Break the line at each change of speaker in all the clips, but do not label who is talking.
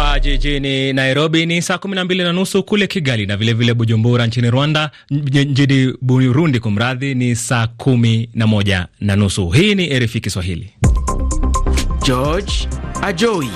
Hapa jijini Nairobi ni saa kumi na mbili na nusu kule Kigali na vilevile vile Bujumbura nchini Rwanda, mjini Burundi kumradhi, ni saa kumi na moja na nusu. Hii ni RFI Kiswahili. George Ajoi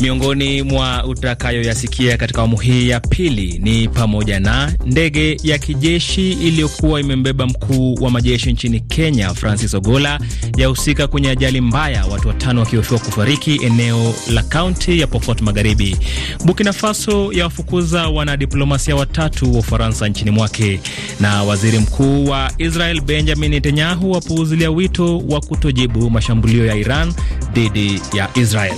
Miongoni mwa utakayoyasikia katika awamu hii ya pili ni pamoja na ndege ya kijeshi iliyokuwa imembeba mkuu wa majeshi nchini Kenya Francis Ogola yahusika kwenye ajali mbaya, watu watano wakihofiwa kufariki eneo la kaunti ya Pokot Magharibi. Burkina Faso yawafukuza wanadiplomasia watatu wa Ufaransa nchini mwake, na waziri mkuu wa Israel Benjamin Netanyahu wapuuzilia wito wa kutojibu mashambulio ya Iran dhidi ya Israel.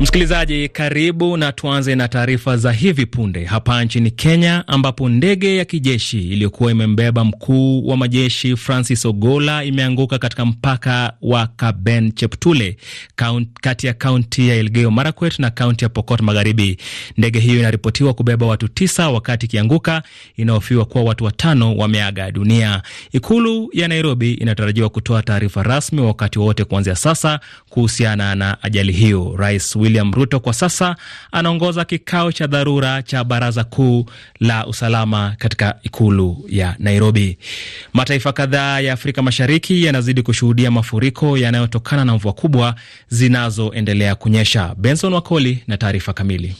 Msikilizaji, karibu na tuanze na taarifa za hivi punde hapa nchini Kenya, ambapo ndege ya kijeshi iliyokuwa imembeba mkuu wa majeshi Francis Ogola imeanguka katika mpaka wa Kaben Cheptule kati ya kaunti ya Elgeyo Marakwet na kaunti ya Pokot Magharibi. Ndege hiyo inaripotiwa kubeba watu tisa wakati ikianguka. Inahofiwa kuwa watu watano wameaga dunia. Ikulu ya Nairobi inatarajiwa kutoa taarifa rasmi wakati wowote kuanzia sasa kuhusiana na ajali hiyo. Rais William Ruto kwa sasa anaongoza kikao cha dharura cha baraza kuu la usalama katika ikulu ya Nairobi. Mataifa kadhaa ya Afrika Mashariki yanazidi kushuhudia mafuriko yanayotokana na mvua kubwa zinazoendelea kunyesha. Benson Wakoli na taarifa kamili.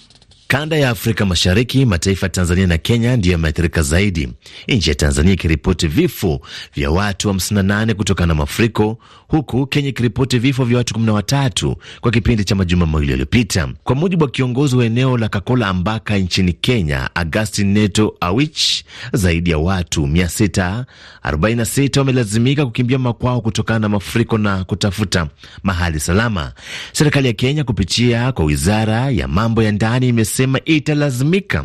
Kanda ya Afrika Mashariki, mataifa ya Tanzania na Kenya ndiyo yameathirika zaidi, nchi ya Tanzania ikiripoti vifo vya watu 58 kutokana na mafuriko, huku Kenya ikiripoti vifo vya watu 13 kwa kipindi cha majuma mawili yaliyopita. Kwa mujibu wa kiongozi wa eneo la Kakola Ambaka nchini Kenya, Agustin Neto Awich, zaidi ya watu 646 wamelazimika kukimbia makwao kutokana na mafuriko na kutafuta mahali salama. Serikali ya Kenya kupitia kwa wizara ya mambo ya ndani imes amesema italazimika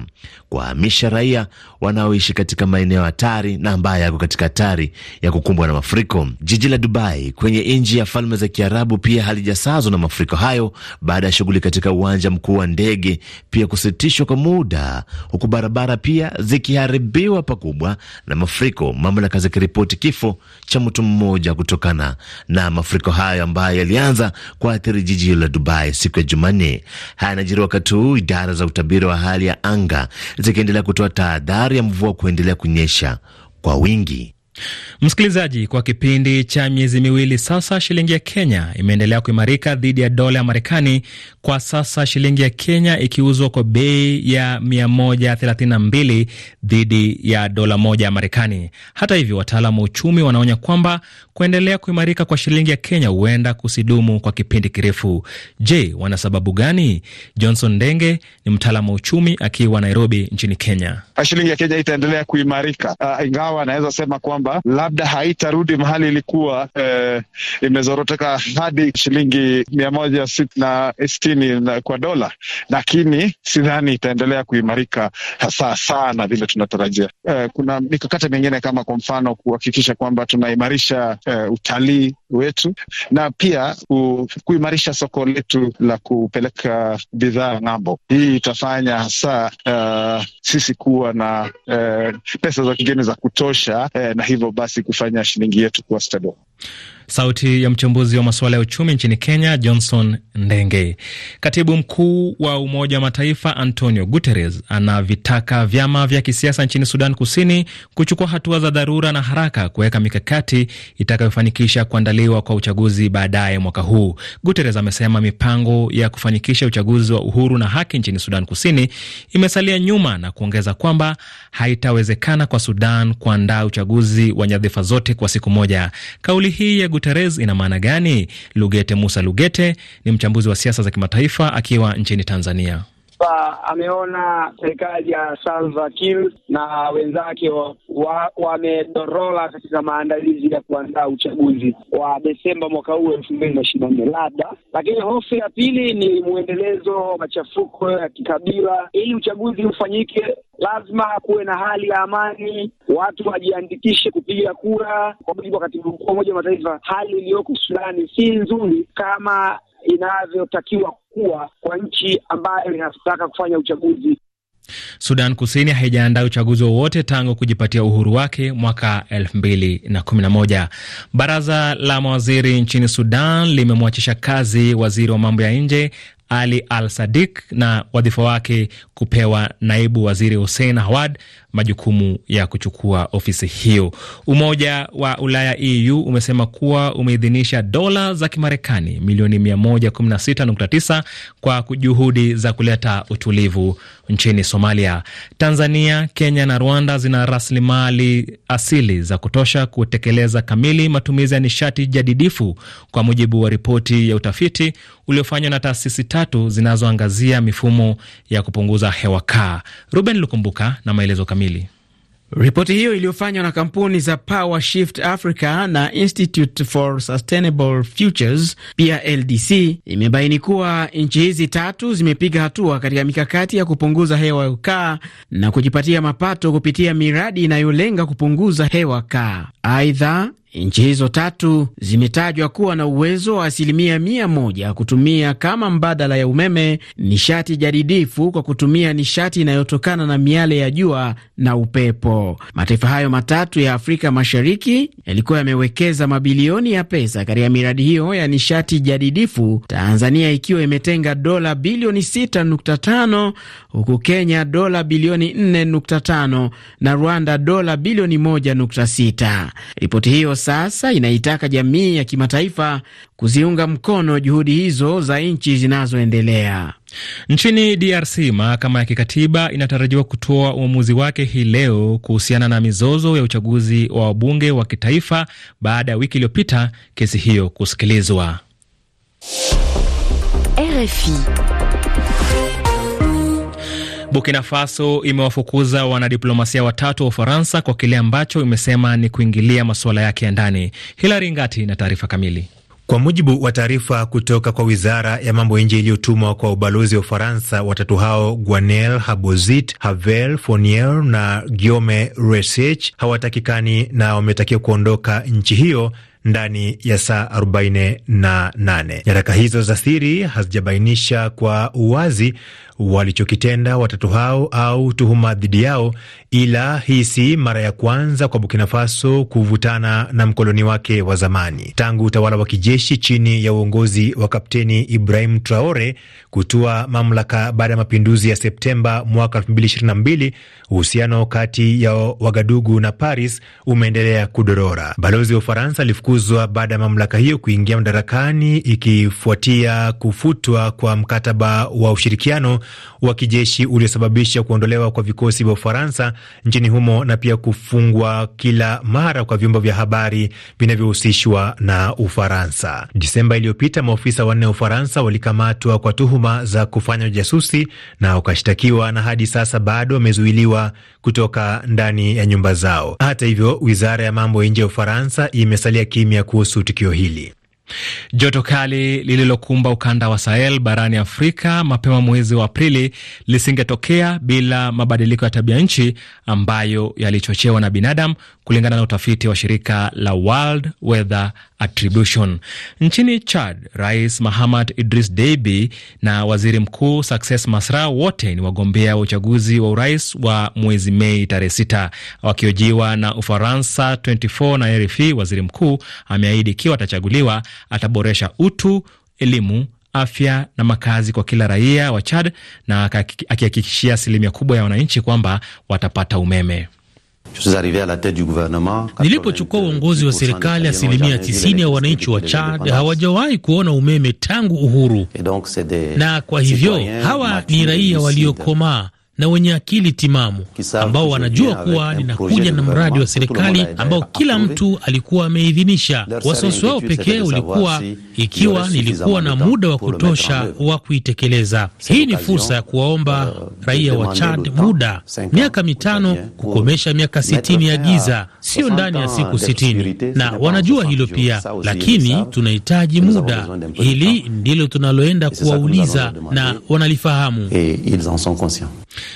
kuwahamisha raia wanaoishi katika maeneo hatari na ambayo yako katika hatari ya kukumbwa na mafuriko. Jiji la Dubai kwenye nchi ya Falme za Kiarabu pia halijasazwa na mafuriko hayo baada ya shughuli katika uwanja mkuu wa ndege pia kusitishwa kwa muda, huku barabara pia zikiharibiwa pakubwa na mafuriko, mamlaka zikiripoti kifo cha mtu mmoja kutokana na mafuriko hayo ambayo yalianza kuathiri jiji hilo la Dubai siku ya Jumanne. Haya yanajiri wakati huu idara za utabiri wa hali ya anga zikiendelea kutoa tahadhari ya mvua kuendelea kunyesha kwa wingi.
Msikilizaji, kwa kipindi cha miezi miwili sasa, shilingi ya Kenya imeendelea kuimarika dhidi ya dola ya Marekani, kwa sasa shilingi ya Kenya ikiuzwa kwa bei ya 132 dhidi ya dola moja ya Marekani. Hata hivyo, wataalam wa uchumi wanaonya kwamba kuendelea kuimarika kwa shilingi ya Kenya huenda kusidumu kwa kipindi kirefu. Je, wana sababu gani? Johnson Ndenge ni mtaalam wa uchumi akiwa Nairobi nchini Kenya.
Shilingi ya Kenya itaendelea kuimarika, uh, ingawa anaweza sema kwamba kwamba labda haitarudi mahali ilikuwa eh, imezoroteka hadi shilingi mia moja na sitini kwa dola, lakini sidhani itaendelea kuimarika hasa sana vile tunatarajia. Eh, kuna mikakati mingine kama kwa mfano kuhakikisha kwamba tunaimarisha eh, utalii wetu na pia kuimarisha soko letu la kupeleka bidhaa ng'ambo. Hii itafanya hasa uh, sisi kuwa na uh, pesa za kigeni za kutosha uh, na hivyo basi kufanya shilingi yetu kuwa stable.
Sauti ya mchambuzi wa masuala ya uchumi nchini Kenya, Johnson Ndenge. Katibu mkuu wa Umoja wa Mataifa Antonio Guterres anavitaka vyama vya kisiasa nchini Sudan Kusini kuchukua hatua za dharura na haraka kuweka mikakati itakayofanikisha kuandaliwa kwa uchaguzi baadaye mwaka huu. Guterres amesema mipango ya kufanikisha uchaguzi wa uhuru na haki nchini Sudan Kusini imesalia nyuma na kuongeza kwamba haitawezekana kwa Sudan kuandaa uchaguzi wa nyadhifa zote kwa siku moja. Kauli hii ya Guterres ina maana gani? Lugete Musa Lugete ni mchambuzi wa siasa za kimataifa akiwa nchini Tanzania.
Ba, ameona serikali ya Salva Kiir na wenzake wamedorola wa katika maandalizi ya kuandaa uchaguzi wa Desemba mwaka huu elfu mbili na ishirini na nne labda. Lakini hofu ya pili ni mwendelezo wa machafuko ya kikabila. Ili uchaguzi ufanyike lazima kuwe na hali ya amani, watu wajiandikishe kupiga kura. Kwa mujibu wa katibu mkuu wa Umoja wa Mataifa, hali iliyoko Sudani si nzuri kama inavyotakiwa kuwa kwa nchi ambayo inataka kufanya uchaguzi.
Sudan Kusini haijaandaa uchaguzi wowote tangu kujipatia uhuru wake mwaka 2011. Baraza la mawaziri nchini Sudan limemwachisha kazi waziri wa mambo ya nje ali Al Sadik na wadhifa wake kupewa naibu waziri Hussein Awad majukumu ya kuchukua ofisi hiyo. Umoja wa Ulaya EU umesema kuwa umeidhinisha dola za Kimarekani milioni 116.9 kwa juhudi za kuleta utulivu nchini Somalia. Tanzania, Kenya na Rwanda zina rasilimali asili za kutosha kutekeleza kamili matumizi ya nishati jadidifu kwa mujibu wa ripoti ya utafiti uliofanywa na taasisi tatu zinazoangazia mifumo ya kupunguza hewa kaa. Ruben Lukumbuka na maelezo kamili kamili.
Ripoti hiyo iliyofanywa na kampuni za Power Shift Africa na Institute for Sustainable Futures pia LDC imebaini kuwa nchi hizi tatu zimepiga hatua katika mikakati ya kupunguza hewa kaa na kujipatia mapato kupitia miradi inayolenga kupunguza hewa kaa. Aidha, Nchi hizo tatu zimetajwa kuwa na uwezo wa asilimia mia moja kutumia kama mbadala ya umeme nishati jadidifu kwa kutumia nishati inayotokana na miale ya jua na upepo. Mataifa hayo matatu ya Afrika Mashariki yalikuwa yamewekeza mabilioni ya pesa katika miradi hiyo ya nishati jadidifu, Tanzania ikiwa imetenga dola bilioni 6.5 huku Kenya dola bilioni 4.5 na Rwanda dola bilioni 1.6. Ripoti hiyo sasa inaitaka jamii ya kimataifa kuziunga mkono juhudi hizo za nchi zinazoendelea.
Nchini DRC, mahakama ya kikatiba inatarajiwa kutoa uamuzi wake hii leo kuhusiana na mizozo ya uchaguzi wa wabunge wa kitaifa baada ya wiki iliyopita kesi hiyo kusikilizwa. RFI Burkina Faso imewafukuza wanadiplomasia watatu wa Ufaransa kwa kile ambacho imesema ni kuingilia masuala yake ya ndani. Hilari Ngati na taarifa kamili. Kwa mujibu wa taarifa kutoka kwa wizara ya mambo ya nje iliyotumwa kwa
ubalozi wa Ufaransa, watatu hao Guanel Habozit, Havel Fournier na Guillaume Resich hawatakikani na wametakiwa kuondoka nchi hiyo ndani ya saa 48. Nyaraka hizo za siri hazijabainisha kwa uwazi walichokitenda watatu hao au tuhuma dhidi yao, ila hii si mara ya kwanza kwa Burkina Faso kuvutana na mkoloni wake wa zamani tangu utawala wa kijeshi chini ya uongozi wa Kapteni Ibrahim Traore kutua mamlaka baada ya mapinduzi ya Septemba mwaka 2022. Uhusiano kati ya Wagadugu na Paris umeendelea kudorora. Balozi wa Ufaransa alifuku kufukuzwa baada ya mamlaka hiyo kuingia madarakani ikifuatia kufutwa kwa mkataba wa ushirikiano wa kijeshi uliosababisha kuondolewa kwa vikosi vya Ufaransa nchini humo na pia kufungwa kila mara kwa vyombo vya habari vinavyohusishwa na Ufaransa. Desemba iliyopita, maofisa wanne wa Ufaransa walikamatwa kwa tuhuma za kufanya ujasusi na wakashtakiwa, na hadi sasa bado wamezuiliwa kutoka ndani ya nyumba zao. Hata hivyo, wizara ya mambo ya nje ya Ufaransa imesalia kimya kuhusu tukio hili.
Joto kali lililokumba ukanda wa Sahel barani Afrika mapema mwezi wa Aprili lisingetokea bila mabadiliko ya tabia nchi ambayo yalichochewa na binadamu kulingana na utafiti wa shirika la World Weather Attribution. Nchini Chad, Rais Mahamad Idris Deby na Waziri Mkuu Success Masra wote ni wagombea wa uchaguzi wa urais wa mwezi Mei tarehe sita. Wakiojiwa na Ufaransa 24 na RFI, waziri mkuu ameahidi ikiwa atachaguliwa ataboresha utu, elimu afya na makazi kwa kila raia wa Chad na akihakikishia asilimia kubwa ya wananchi kwamba watapata umeme. Nilipochukua uongozi wa serikali, asilimia 90
ya wananchi wa Chad hawajawahi kuona umeme tangu uhuru, na kwa hivyo hawa ni raia waliokomaa na wenye akili timamu ambao wanajua kuwa ninakuja na mradi wa serikali ambao kila mtu alikuwa ameidhinisha. Wasiwasi wao pekee ulikuwa ikiwa nilikuwa na muda wa kutosha wa kuitekeleza. Hii ni fursa ya kuwaomba uh, raia wa Chad muda miaka mitano kukomesha miaka sitini ya giza, sio ndani ya siku sitini, na wanajua hilo pia, lakini tunahitaji muda. Hili ndilo tunaloenda kuwauliza na wanalifahamu.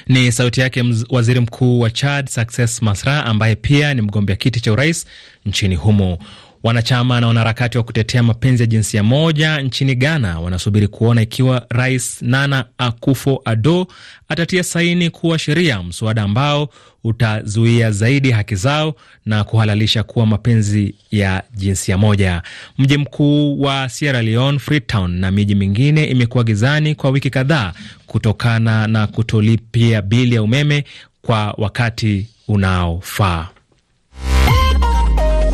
Ni sauti yake waziri mkuu wa Chad Success Masra ambaye pia ni mgombea kiti cha urais nchini humo. Wanachama na wanaharakati wa kutetea mapenzi ya jinsia moja nchini Ghana wanasubiri kuona ikiwa Rais Nana akufo ado atatia saini kuwa sheria mswada ambao utazuia zaidi haki zao na kuhalalisha kuwa mapenzi ya jinsia moja. Mji mkuu wa Sierra Leone, Freetown, na miji mingine imekuwa gizani kwa wiki kadhaa kutokana na kutolipia bili ya umeme kwa wakati unaofaa.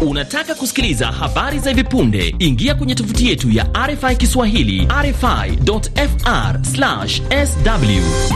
Unataka kusikiliza habari za hivi punde? Ingia kwenye tovuti yetu ya RFI Kiswahili, rfi.fr/sw.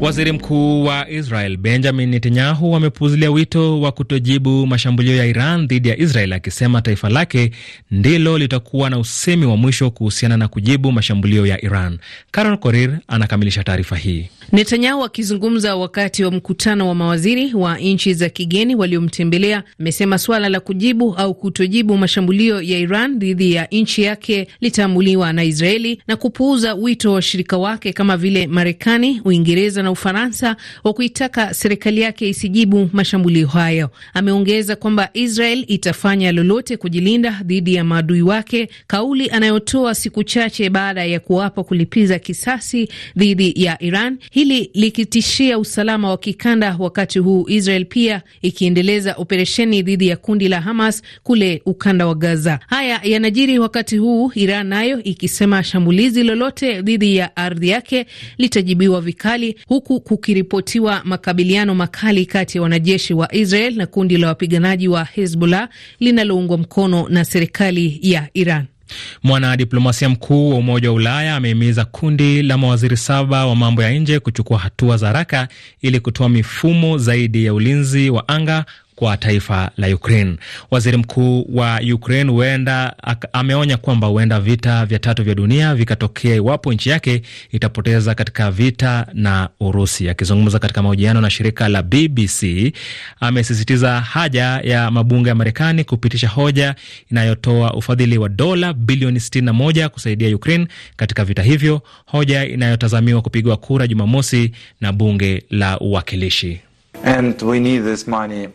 Waziri Mkuu wa Israel Benjamin Netanyahu amepuuzilia wito wa kutojibu mashambulio ya Iran dhidi ya Israel akisema taifa lake ndilo litakuwa na usemi wa mwisho kuhusiana na kujibu mashambulio ya Iran. Carol Korir anakamilisha taarifa hii.
Netanyahu akizungumza wakati wa mkutano wa mawaziri wa nchi za kigeni waliomtembelea amesema suala la kujibu au kutojibu mashambulio ya Iran dhidi ya nchi yake litaamuliwa na Israeli na kupuuza wito wa washirika wake kama vile Marekani, Uingereza na Ufaransa wa kuitaka serikali yake isijibu mashambulio hayo. Ameongeza kwamba Israel itafanya lolote kujilinda dhidi ya maadui wake, kauli anayotoa siku chache baada ya kuapa kulipiza kisasi dhidi ya Iran. Hii hili likitishia usalama wa kikanda, wakati huu Israel pia ikiendeleza operesheni dhidi ya kundi la Hamas kule ukanda wa Gaza. Haya yanajiri wakati huu Iran nayo ikisema shambulizi lolote dhidi ya ardhi yake litajibiwa vikali, huku kukiripotiwa makabiliano makali kati ya wanajeshi wa Israel na kundi la wapiganaji wa Hezbollah linaloungwa mkono na serikali ya Iran.
Mwanadiplomasia mkuu wa Umoja wa Ulaya amehimiza kundi la mawaziri saba wa mambo ya nje kuchukua hatua za haraka ili kutoa mifumo zaidi ya ulinzi wa anga kwa taifa la Ukraine. Waziri mkuu wa Ukraine huenda ameonya kwamba huenda vita vya tatu vya dunia vikatokea iwapo nchi yake itapoteza katika vita na Urusi. Akizungumza katika mahojiano na shirika la BBC, amesisitiza haja ya mabunge ya Marekani kupitisha hoja inayotoa ufadhili wa dola bilioni 61 kusaidia Ukraine katika vita hivyo, hoja inayotazamiwa kupigwa kura Jumamosi na bunge la uwakilishi.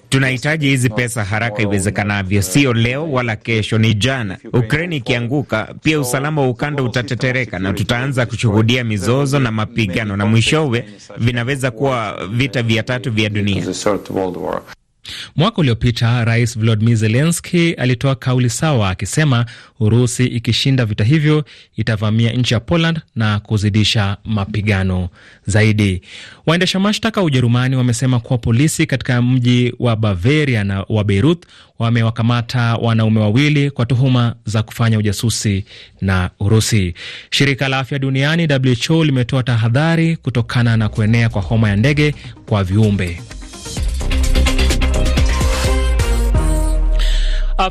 Tunahitaji hizi pesa haraka iwezekanavyo, sio leo wala
kesho, ni jana. Ukraine ikianguka, pia usalama wa ukanda utatetereka na tutaanza kushuhudia mizozo na mapigano, na mwishowe vinaweza kuwa vita vya tatu vya
dunia.
Mwaka uliopita Rais Volodymyr Zelensky alitoa kauli sawa akisema Urusi ikishinda vita hivyo itavamia nchi ya Poland na kuzidisha mapigano zaidi. Waendesha mashtaka wa Ujerumani wamesema kuwa polisi katika mji wa Bavaria na wa Beirut wamewakamata wanaume wawili kwa tuhuma za kufanya ujasusi na Urusi. Shirika la Afya Duniani WHO limetoa tahadhari kutokana na kuenea kwa homa ya ndege kwa viumbe. África